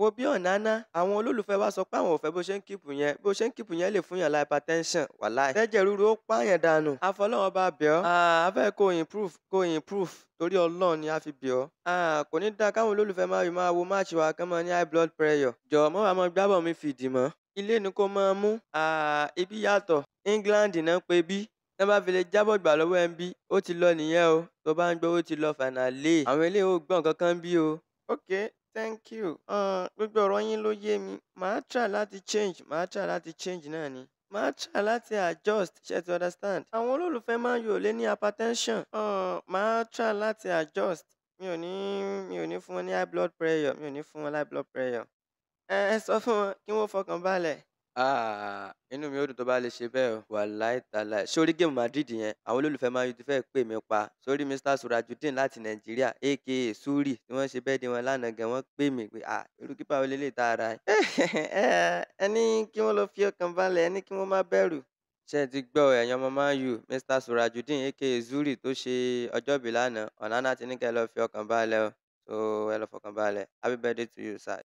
Wo bí ọ̀nàná, àwọn olólùfẹ́ wa sọ pé àwọn ò fẹ́ bó ṣe ń kíìpù yẹn, bó ṣe ń kíìpù yẹn lè fún yàn la hypertension wàláì. Tẹ́jẹ̀ rúru ó pààyàn dànù. Àfọlọ́wọ́n bá bẹ̀ ọ́. Ah, a fẹ́ improve kó improve torí Ọlọ́run ni a fi bẹ̀ ọ́. Ah, kò ní dáa káwọn olólùfẹ́ máa rí máa wo máàcì wa kán máa ní high blood pressure. Jọ̀ọ́ mọ́ wa máa gbábọ̀ mi fìdí mọ́. Ilé ni kó máa mú. Ah, ibi yàtọ̀. England náà pe bí tó bá fi lè jábọ̀ gbà lọ́wọ́ ẹ̀ ń bí ó ti lọ nìyẹn o tó bá ń gbọ́ ó ti lọ fànà àwọn eléyìí ò gbọ́n kankan bí o. ok Thank you. Um, gbogbo ọ̀rọ̀ yín ló yé mi. Màá try láti change. Màá try láti change náà ni máa try láti adjust ṣe ti understand àwọn olólùfẹ́ máa ń yòó lé ní hypertension uh, ah, máa try láti adjust mi ò ní mi ò ní fún wọn ní high blood pressure mi ò ní fún wọn high blood pressure ẹ eh, ẹ sọ fún wọn kí wọ́n fọkàn balẹ̀ Ah! Inú mi ó dùn tó bá lè ṣe bẹ́ẹ̀ o. Wàláì Tálàí. Sórí game Madrid yẹn, àwọn olólùfẹ́ Man U fẹ́ pè mí pa. Sórí Mr. Surajudeen láti Nàìjíríà aka Suri tí wọ́n ṣe birthday wọn lánàá gan, wọ́n pè mí pé à ah, irú keeper wo leléyìí tá a rà yìí. Eh, ẹ ní kí wọ́n lọ fi ọkàn balẹ̀, ẹ kí wọ́n má bẹ̀rù. Ṣé ti gbọ́ ẹ̀yin ọmọ Man U, Mr. Surajudeen aka Suri tó ṣe ọjọ́bí lánàá, Onana ti ní kẹ́ o. So ẹ lọ Happy birthday to you sir.